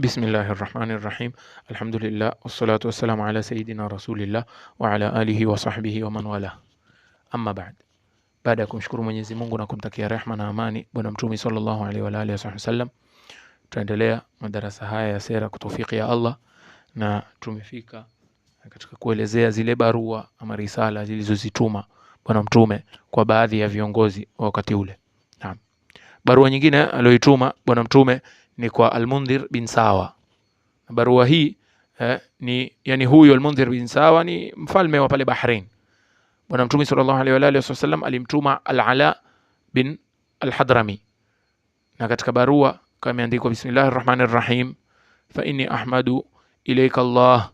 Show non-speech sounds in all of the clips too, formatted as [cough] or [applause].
Bismillahi rahmani rahim, alhamdulillah wassalatu wassalamu ala sayidina rasulillah wa ala alihi wa sahbihi wa man wala, amma ba'd. Baada ya kumshukuru Mwenyezi Mungu na kumtakia rehma na amani Bwana Mtume sallallahu alaihi wa alihi wasallam, tutaendelea madarasa haya ya sera kwa tawfiki ya Allah, na tumefika katika kuelezea zile barua ama risala zilizozituma Bwana Mtume kwa baadhi ya viongozi wa wakati ule. Naam, barua nyingine aliyoituma Bwana Mtume ni kwa Almundhir bin Sawa. Barua hii eh, ni yani, huyu Almundhir bin Sawa ni mfalme wa pale Bahrain. Bwana Mtume sallallahu alaihi wa alihi wasallam alimtuma Al-Ala bin Al-Hadrami, na katika barua kama imeandikwa, bismillahir rahmanir rahim fa inni ahmadu ilayka Allah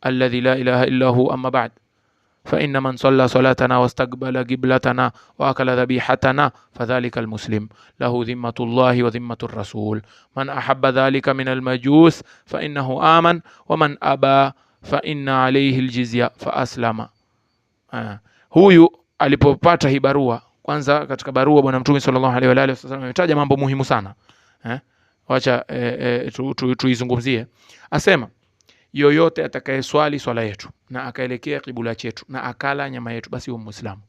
alladhi la ilaha illa hu amma ba'd فإن من صلى صلاتنا واستقبل قبلتنا وأكل ذبيحتنا فذلك المسلم له ذمة الله وذمة الرسول من أحب ذلك من المجوس فإنه آمن ومن أبى فإن alaihi ljizya fa aslama. Ah. Huyu alipopata hii barua kwanza, katika barua Bwana Mtume sallallahu alaihi wa alihi wasallam ametaja mambo muhimu sana eh Wacha tuizungumzie eh, eh, tu, tu, asema yoyote atakayeswali swala yetu na akaelekea kibula chetu na akala nyama yetu, basi huyo Muislamu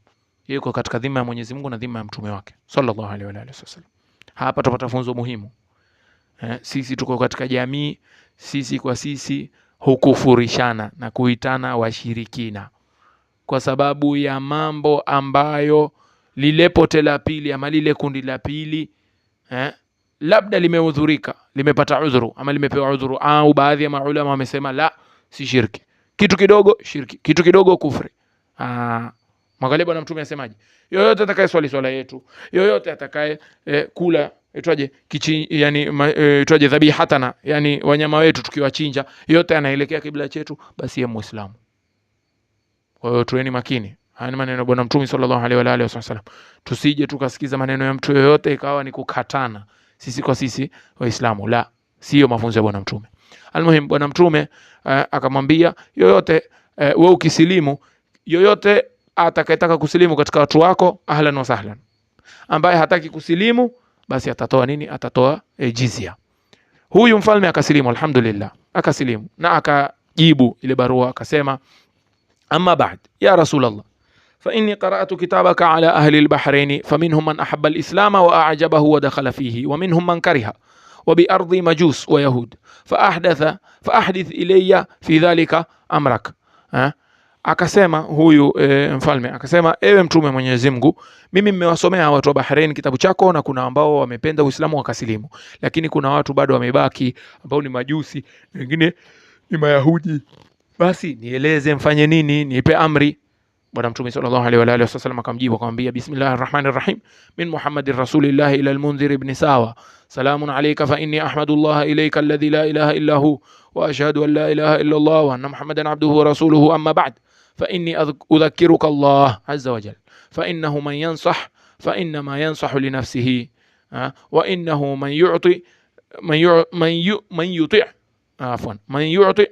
yuko katika dhima ya Mwenyezi Mungu na dhima ya mtume wake sallallahu alaihi wa alihi wasallam. Hapa tupata funzo muhimu eh, sisi tuko katika jamii, sisi kwa sisi hukufurishana na kuitana washirikina kwa sababu ya mambo ambayo lile pote la pili ama lile kundi la pili eh, labda limehudhurika limepata udhuru ama limepewa udhuru, au baadhi ya maulama wamesema la, si shirki, kitu kidogo shirki, kitu kidogo kufri. Ah, mwangalie na mtume asemaje, yoyote atakaye swali swala yetu, yoyote atakaye eh, kula itwaje kichi yani eh, itwaje dhabihatana, yani wanyama wetu tukiwachinja, yote anaelekea kibla chetu, basi ya Muislamu. Kwa hiyo tueni makini haya ni maneno bwana Mtume sallallahu alaihi wa alihi wasallam, tusije tukasikiza maneno ya mtu yoyote ikawa ni kukatana sisi kwa sisi Waislamu, la sio mafunzo ya bwana mtume. almuhim bwana mtume uh, akamwambia yoyote uh, we ukisilimu, yoyote atakayetaka kusilimu katika watu wako, ahlan wa sahlan. Ambaye hataki kusilimu basi atatoa nini? Atatoa eh, jizia. Huyu mfalme akasilimu, alhamdulillah, akasilimu na akajibu ile barua akasema, amma baad ya Rasulullah fainni qara'tu kitabaka ala ahli lbahraini faminhum man ahaba lislama waajabahu wadakhala fihi waminhum man kariha wabiardi majus wa yahud faahdatha faahdith ilaya fi dhalika amrak Akasema huyu e, mfalme akasema, ewe mtume Mwenyezi Mungu, mimi mmewasomea watu wa Bahrain kitabu chako, na kuna ambao wamependa Uislamu wakasilimu, lakini kuna watu bado wamebaki ambao ni majusi, wengine ni Mayahudi, basi nieleze mfanye nini, nipe amri. Bwana Mtume sallallahu alaihi wa alihi wasallam akamjibu akamwambia, bismillahir rahmanir rahim min muhammadin rasulillah ila almunzir ibn sawa salamun alayka fa inni ahmadullah ilayka alladhi la ilaha illa hu wa ashhadu an la ilaha illa Allah wa anna muhammadan abduhu wa rasuluhu amma ba'd fa inni udhakkiruka Allah azza wa jal fa innahu man yansah fa innama yansahu li nafsihi wa innahu man yu'ti man yu'ti afwan man yu'ti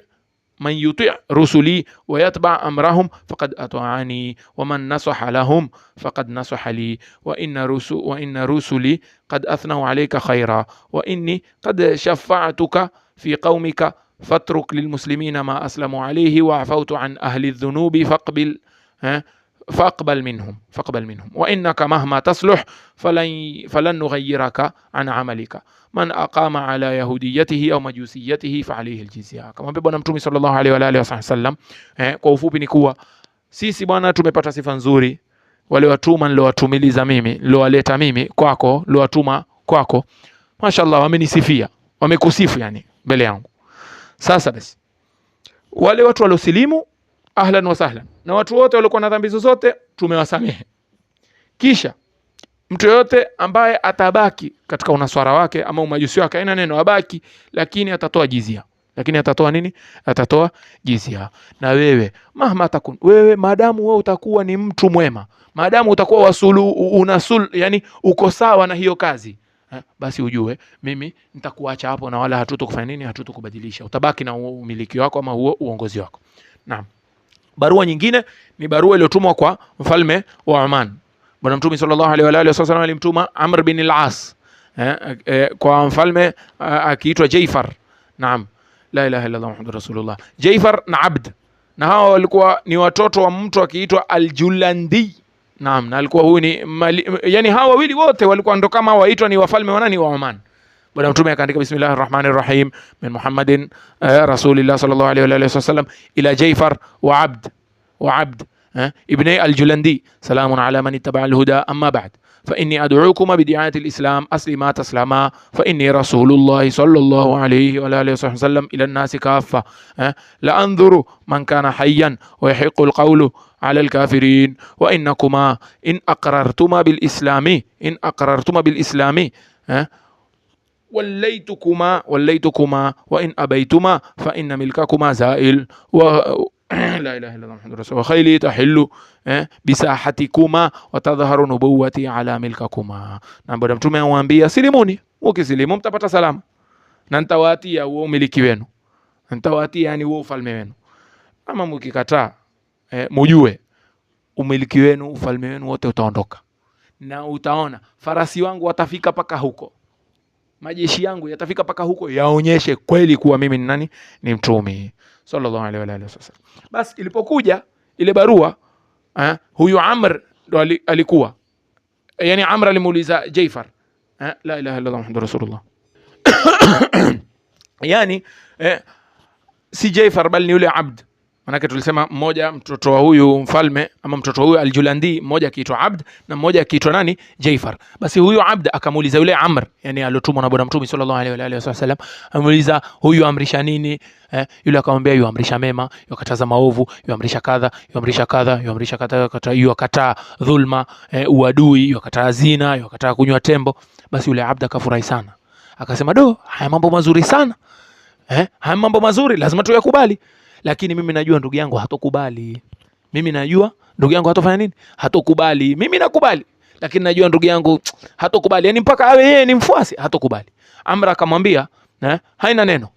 من يطيع رسلي ويتبع امرهم فقد اطاعني ومن نصح لهم فقد نصح لي وان رسو وان رسلي قد اثنوا عليك خيرا واني قد شفعتك في قومك فاترك للمسلمين ما اسلموا عليه وعفوت عن اهل الذنوب فاقبل ها فاقبل minhum فاقبل منهم wa مهما mahma فلن, فلن نغيرك عن عملك من man على يهوديته yahudiyatihi au فعليه fa كما aljizya. Akamwambia Bwana Mtume sallallahu alaihi wa alihi wasallam, eh, sisi bwana tumepata sifa nzuri, wale watuma niliowatumiliza mimi niliowaleta mimi kwako, niliowatuma kwako, mashaallah, wamenisifia wamekusifu, yani mbele yangu. Sasa basi wale watu waliosilimu, ahlan wa sahlan na watu wote waliokuwa na dhambi zozote tumewasamehe. Kisha mtu yoyote ambaye atabaki katika unaswara wake ama umajusi wake, haina neno abaki, lakini atatoa jizia. Lakini atatoa nini? Atatoa jizia. Na wewe mahma takun, wewe maadamu wewe utakuwa ni mtu mwema, maadamu utakuwa wasulu unasul, yani uko sawa na hiyo kazi Ha, eh, basi ujue mimi nitakuacha hapo na wala hatutokufanya nini, hatutokubadilisha. Utabaki na umiliki wako ama huo uongozi wako. Naam. Barua nyingine ni barua iliyotumwa kwa mfalme wa Oman. Bwana Mtume sallallahu alaihi wa alihi wasallam alimtuma Amr bin al-As eh, eh, eh kwa mfalme eh, akiitwa Jaifar. Naam, la ilaha illa Allah Muhammadur Rasulullah. Jaifar na Abd na hawa walikuwa ni watoto wa mtu akiitwa Al-Julandi. Naam, na alikuwa huyu ni yani hawa wawili wote walikuwa ndo kama waitwa ni wafalme wa nani wa Oman. Bwana Mtume akaandika bismillahir rahmanir rahim min Muhammadin eh, rasulillah sallallahu alaihi wa alihi wasallam ila Jaifar wa Abd wa Abd eh, ibni al-Julandi salamun ala man ittaba'a al-huda amma ba'd فإني أدعوكما بدعاية الإسلام أسلما تسلما فإني رسول الله صلى الله عليه وآله وصحبه وسلم إلى الناس كافة أه؟ لأنظر من كان حيا ويحق القول على الكافرين وإنكما إن أقررتما بالإسلام إن أقررتما بالإسلام أه؟ walaitukuma walaitukuma wa in abaituma fa inna milkakuma zail wa [clears throat] la ilaha illa muhammadur rasul wa khayli tahillu eh, bisahatikuma wa tadhharu nubuwati ala milkakuma. Na bwana Mtume anawaambia silimuni, ukisilimu mtapata salama na nitawaatia huo umiliki wenu, nitawaatia yani huo ufalme wenu, ama mkikataa eh, mujue umiliki wenu ufalme wenu wote utaondoka, na utaona farasi wangu watafika paka huko majeshi yangu yatafika mpaka huko yaonyeshe kweli kuwa mimi ni nani, ni mtume sallallahu alaihi wa alihi wasallam. Basi ilipokuja ile barua eh, huyu Amr ndo alikuwa eh, yani, Amr alimuuliza Jaifar eh, la ilaha illallah muhammadur rasulullah [coughs] yani eh, si Jaifar bali ni yule abd Manake tulisema mmoja mtoto wa huyu mfalme ama mtoto wa huyu Aljulandi, mmoja akiitwa Abd na mmoja akiitwa nani, Jaifar. Basi huyu Abd akamuuliza yule Amr, yani aliotumwa na bwana Mtume sallallahu alaihi wa alihi wasallam, amuuliza huyu amrisha nini? Eh, yule akamwambia yule amrisha mema, yukataza maovu, yule amrisha kadha, yule amrisha kadha, yule amrisha kadha, yule yukata dhulma, eh, uadui, yule zina, yule kunywa tembo. Basi yule Abd akafurahi sana, akasema do, haya mambo mazuri sana eh, haya mambo mazuri, lazima tuyakubali lakini mimi najua ndugu yangu hatokubali. Mimi najua ndugu yangu hatofanya nini, hatokubali. Mimi nakubali, lakini najua ndugu yangu hatokubali, yani mpaka awe yeye ni mfuasi, hatokubali. Amra akamwambia eh, haina neno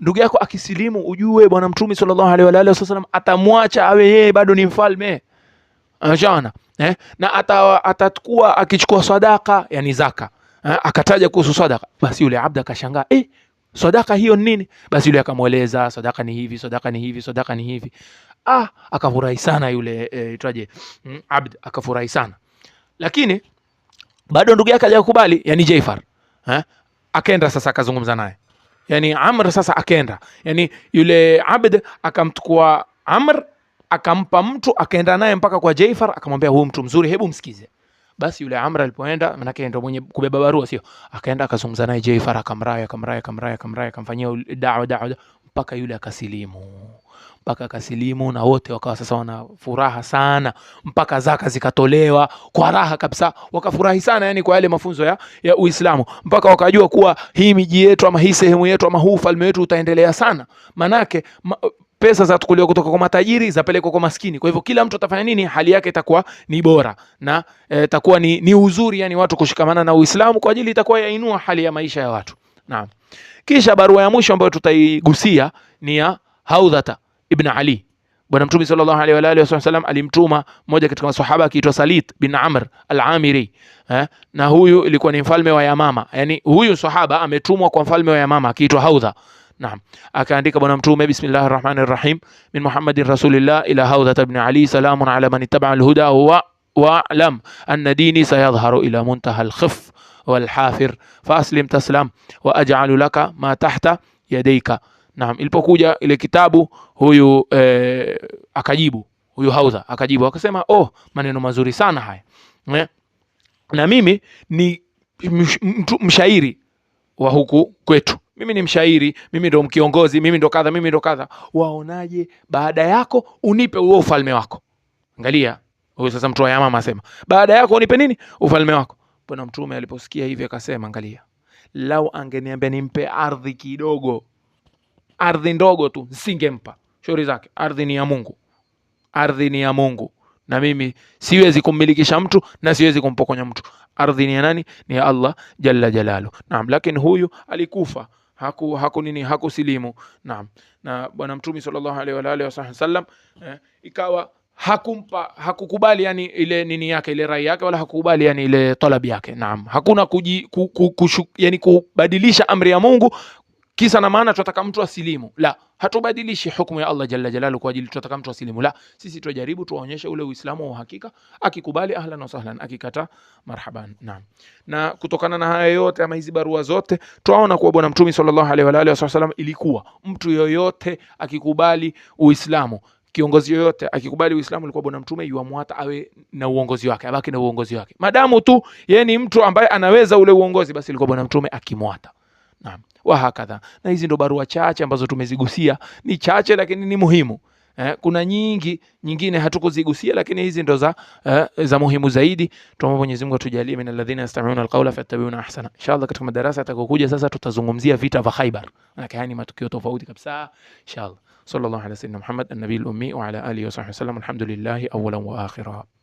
ndugu yako akisilimu, ujue Bwana Mtume sallallahu alaihi wa alihi wasallam atamwacha awe yeye bado ni mfalme anashana eh, na atakuwa akichukua sadaka, yani zaka eh, akataja kuhusu sadaka. Basi yule abda akashangaa eh, sadaka hiyo nini? Basi yule akamweleza sadaka ni hivi, sadaka ni hivi, sadaka ni hivi. Ah, akafurahi sana yule e, eh, itwaje mm, Abd akafurahi sana lakini bado ndugu yake hajakubali, yani Jaifar eh, akaenda sasa akazungumza naye, yani Amr sasa akaenda, yani yule Abd akamchukua Amr akampa mtu akaenda naye mpaka kwa jaifar akamwambia huyu mtu mzuri, hebu msikize. Basi yule Amra alipoenda, manake ndio mwenye kubeba barua, sio? Akaenda akazungumza naye Jaafar, akamraya akamraya akamraya akamraya, akamfanyia da'wa da'wa mpaka yule akasilimu, mpaka akasilimu, na wote wakawa sasa wana furaha sana, mpaka zaka zikatolewa kwa raha kabisa, wakafurahi sana yani kwa yale mafunzo ya, ya Uislamu, mpaka wakajua kuwa hii miji yetu ama hii sehemu yetu ama huu ufalme wetu utaendelea sana manake ma, pesa zitachukuliwa kutoka kwa matajiri zapelekwa kwa maskini. Kwa hivyo kila mtu atafanya nini? Hali yake itakuwa ni bora na eh, itakuwa e, ni, ni uzuri, yani watu kushikamana na Uislamu kwa ajili itakuwa yainua hali ya maisha ya watu. Na Kisha barua ya mwisho ambayo tutaigusia ni ya Haudhata ibn Ali. Bwana Mtume sallallahu alaihi wa alihi wasallam alimtuma mmoja katika maswahaba akiitwa Salit bin Amr al-Amiri eh, na huyu ilikuwa ni mfalme wa Yamama. Yani huyu sahaba ametumwa kwa mfalme wa Yamama akiitwa Haudha. Naam, akaandika bwana mtume, bismillahi rahmani rahim, min muhammadin rasulillah ila haudhat bni ali, salamun ala man ittaba alhuda wa walam anna dini sayadhharu ila muntaha alkhif walhafir faaslim taslam wa aj'alu laka ma tahta yadayka. Naam, ilipokuja ile kitabu huyu eh, akajibu huyu Haudha akajibu akasema, oh, maneno mazuri sana haya ne? Eh, na mimi ni mshairi wa huku kwetu mimi ni mshairi, mimi ndo mkiongozi mimi ndo kadha, mimi ndo kadha. Waonaje baada yako unipe uo ufalme wako? Angalia huyo sasa, mtu wa yamama asema baada yako unipe nini? Ufalme wako. Bwana Mtume aliposikia hivi akasema, angalia, lau angeniambia nimpe ardhi kidogo, ardhi ndogo tu, singempa. Shauri zake, ardhi ni ya Mungu, ardhi ni ya Mungu, na mimi siwezi kummilikisha mtu na siwezi kumpokonya mtu. Ardhi ni ya nani? Ni ya Allah jalla jalalu. Naam, lakini huyu alikufa haku, haku nini hakusilimu naam na bwana mtume sallallahu alaihi wa alihi wasallam eh, ikawa hakumpa hakukubali yani ile nini yake ile rai yake wala hakukubali yani ile talabi yake naam hakuna kuji, ku, ku, kushu, yani kubadilisha amri ya Mungu Kisa na maana tunataka mtu asilimu? La, hatubadilishi hukumu ya Allah jalla jalalu kwa ajili tunataka mtu asilimu. La, sisi tujaribu tuwaonyeshe ule Uislamu wa uhakika. Akikubali ahlan wa sahlan, akikata marhaban. Naam. Na kutokana na haya yote ama hizi barua zote, twaona kuwa bwana Mtume sallallahu alaihi wa alihi wasallam ilikuwa mtu yoyote akikubali Uislamu kiongozi yoyote akikubali Uislamu alikuwa bwana mtume yuamwata awe na uongozi wake, abaki na uongozi wake, madamu tu yeye ni mtu ambaye anaweza ule uongozi, basi alikuwa bwana mtume akimwata. Naam wa hakadha. Na hizi ndo barua chache ambazo tumezigusia, ni chache lakini ni muhimu. Eh, kuna nyingi nyingine hatukuzigusia lakini hizi ndo za eh, za muhimu zaidi. Tuombe Mwenyezi Mungu atujalie min alladhina yastami'una alqawla fayattabi'una ahsana. Inshallah katika madarasa atakokuja sasa tutazungumzia vita vya Khaibar. Na haya ni matukio tofauti kabisa. Inshallah. Sallallahu alaihi wasallam Muhammad an nabiyul ummi wa ala alihi wa sahbihi wasallam. awwalan wa akhirah.